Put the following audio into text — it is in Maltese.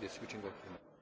the switching off.